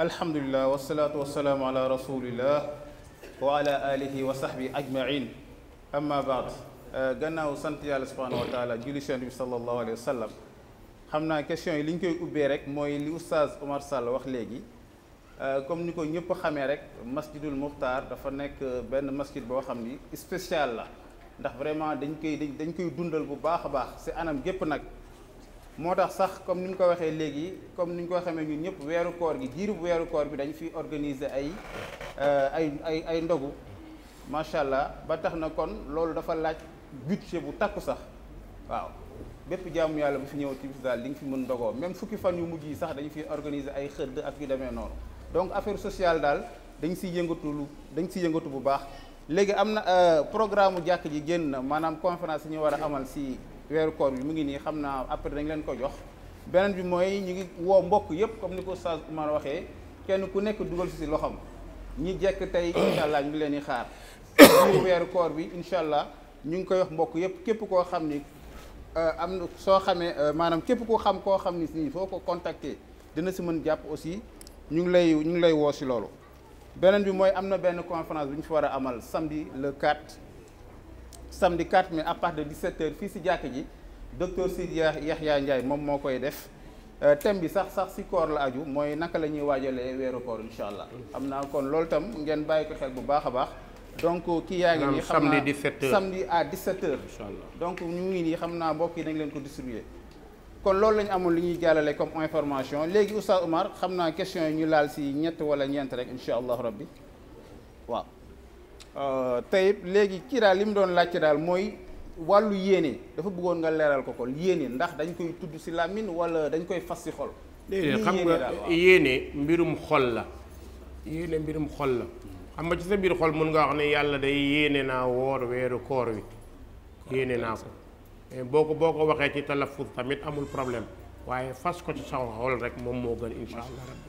alhamdulilah wasalaatu wasalaamu ala rasulillah wa ala alihi wa sahbi ajmain amma baad eh, gannaaw sant yàlla subhanahu wa taala julli Yonent bi sallallahu alayhi wa sallam xam naa question yi li ñu koy ubbee rek mooy li oustaz Omar Sall wax léegi eh, comme ni ko ñëpp xamee rek masjidul muxtaar dafa nekk benn masjid boo xam ni spécial la ndax vraiment dañ koy dañ koy dundal bu baax a baax si anam gépp nag moo tax sax comme ni mu ko waxee léegi comme ni ñu ko xamee ñun ñëpp weeru koor gi diirub weeru koor bi dañ fi organiser ay euh, ay ay ay ndogu macha allah ba tax na kon loolu dafa laaj budget bu takku sax waaw bépp jaamu yàlla bu fi ñëw ci bis daal li nga fi mën ndogoo même fukki fan yu mujj yi sax dañu fi organiser ay xëdd ak yu demee noonu donc affaire sociale daal dañu siy yëngatu lu dañ siy yëngatu bu baax léegi am na euh, programme mu jàkk ji génn na maanaam conférence yi ñu war a amal si. weeru koor bi mu ngi nii xam naa après dañ leen ko jox beneen bi mooy ñu ngi woo mbokk yëpp comme ni ko Oustaz Oumar waxee kenn ku nekk dugal si loxom ñi jekk tey incha allah ñu ngi leen di xaar ñu weeru koor bi incha allah ñu ngi koy wax mbokk yëpp képp koo xam ni euh, am na soo xamee euh, maanaam képp koo xam koo xam ni si foo ko contacter dina si mën jàpp aussi ñu ngi lay ñu ngi lay woo si loolu beneen bi mooy am na benn confrance bu ñu fi war a amal samedi le 4 samedi 4 mai à partir de 17h fii si jàkk ji docteur Sidi Yaxya Ndiaye moom moo koy def euh, thème bi sax sax si koor la aju mooy naka la ñuy waajalee weeru koor incha allah. xam naa kon loolu tam ngeen bàyyi ko xel bu baax a baax. donc kii yaa ngi nii xam naa samedi à 17h. incha allah donc ñu ngi nii xam naa mbokk yi nañ leen ko distribuer. kon lool la amul amoon li ñuy jàllale comme information léegi Oustaz Oumar xam naa question yi ñu laal si ñett wala ñeent rek incha allah rabbi waaw. Euh, tey léegi ci daal li mu doon laajte daal mooy wàllu yéene dafa bëggoon nga leeral ko ko yéene ndax dañ koy tudd ci làmmiñ walla dañ koy fas ci xol. déedéet xam nga yéene mbirum xol la. yéene mbirum xol la xam nga ci sa biir xol mun nga wax ne yàlla day yéene naa woor weeru koor wi yéene naa ko boo ko boo ko waxee ci talafus tamit amul problème waaye fas ko ci sa xol rek moom moo gën incha allah